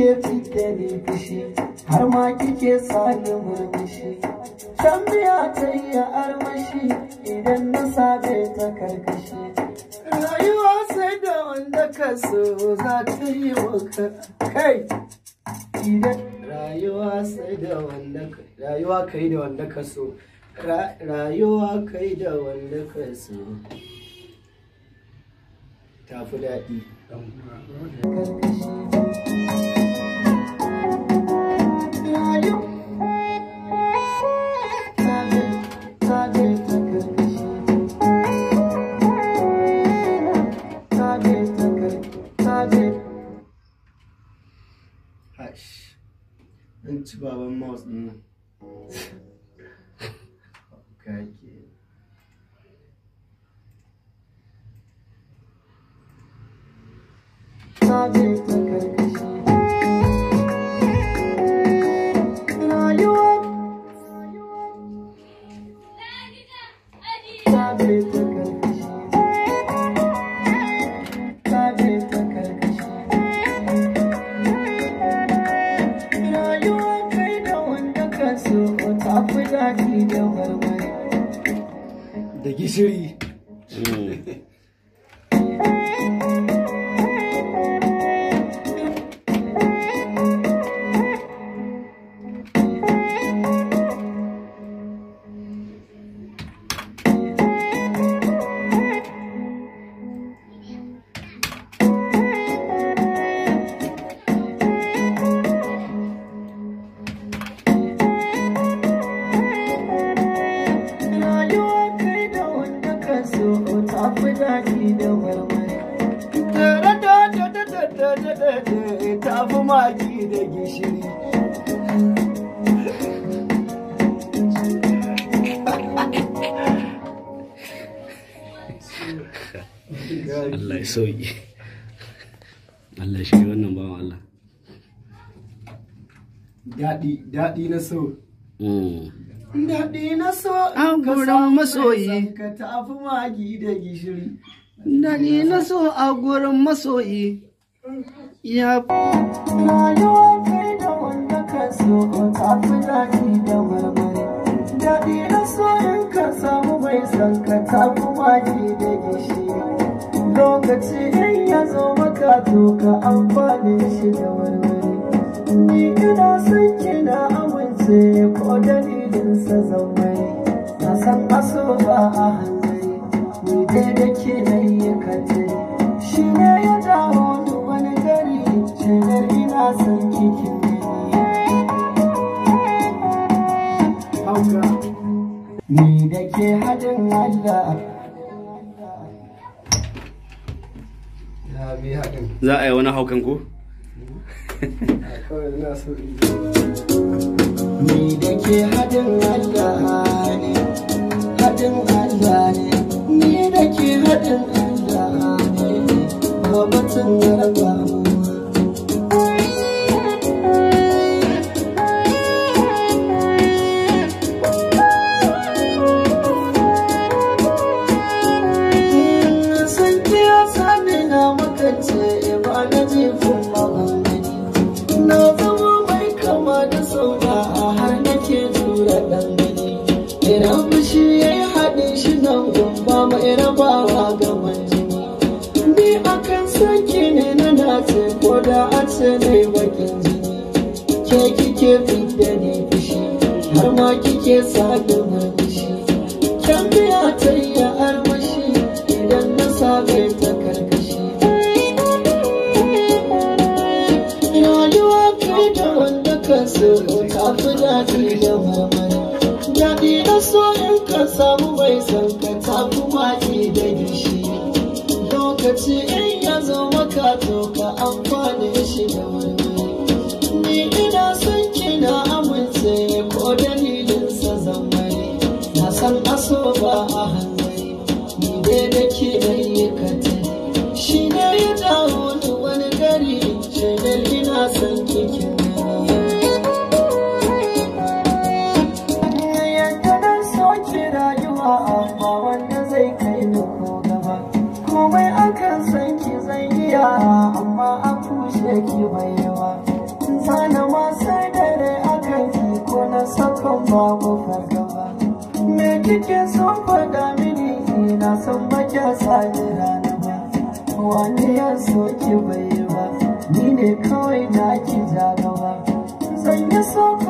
kike fike ne fushi har ma kike sani murmushi dan biya ta yi armashi idan na sabe ta karkashi rayuwa sai da wanda ka so za ta yi maka kai idan rayuwa sai da wanda rayuwa kai da wanda ka so rayuwa kai da wanda ka so fi daɗi. YouTube aber Mosten. okay, kid. Magic. De Gishuri. Sí. ya fi magi da gishiri Allah ya Allah shi wannan bawan Allah daɗi daɗi na so mm. daɗi na so a gurin masoyi ka tafi magi da gishiri daɗi na so a gurin masoyi Yep. Rayuwa kai da wanda ka so ta fi daɗi da marmari. Daɗi na ka samu mai son ka ta fi wake da gishiri. Lokaci in yazo maka to ka amfani shi da marmari. Ni ina son amince ko dalilinsa zaunari. Na san aso a hanzari. Ni dai da ke da yi Shi ne ya dawo Ni da ke haɗin Allah. Za a yi wani ko? Ni da ke Allah ne, hadin Allah. ke rabawa ga majini. ni akan sanki ne na nace ko da a ce ne bakin jini ke kike fidda ne fushi har ma kike sa da murmushi kan biya ta yi armashi idan na same ta karkashi rayuwa kai da wanda ka so ta fi daɗi da mamari daɗi na so in ka samu bai san ka tafi lokaci in ya zo maka to ka amfani shi da wani ni ina son kina amince ko dalilinsa zamani na san aso ba a hanzari ni dai da ke ayyukata shi ne ya jawo wani gari shaidar ina son kikin yara amma an kushe ki baiwa sana ma sai dare akan ki ko na sakan babu fargaba me kike son faɗa mini ina son baki sani rana ba wani ya ki baiwa ni ne kawai na ki jagaba zan yi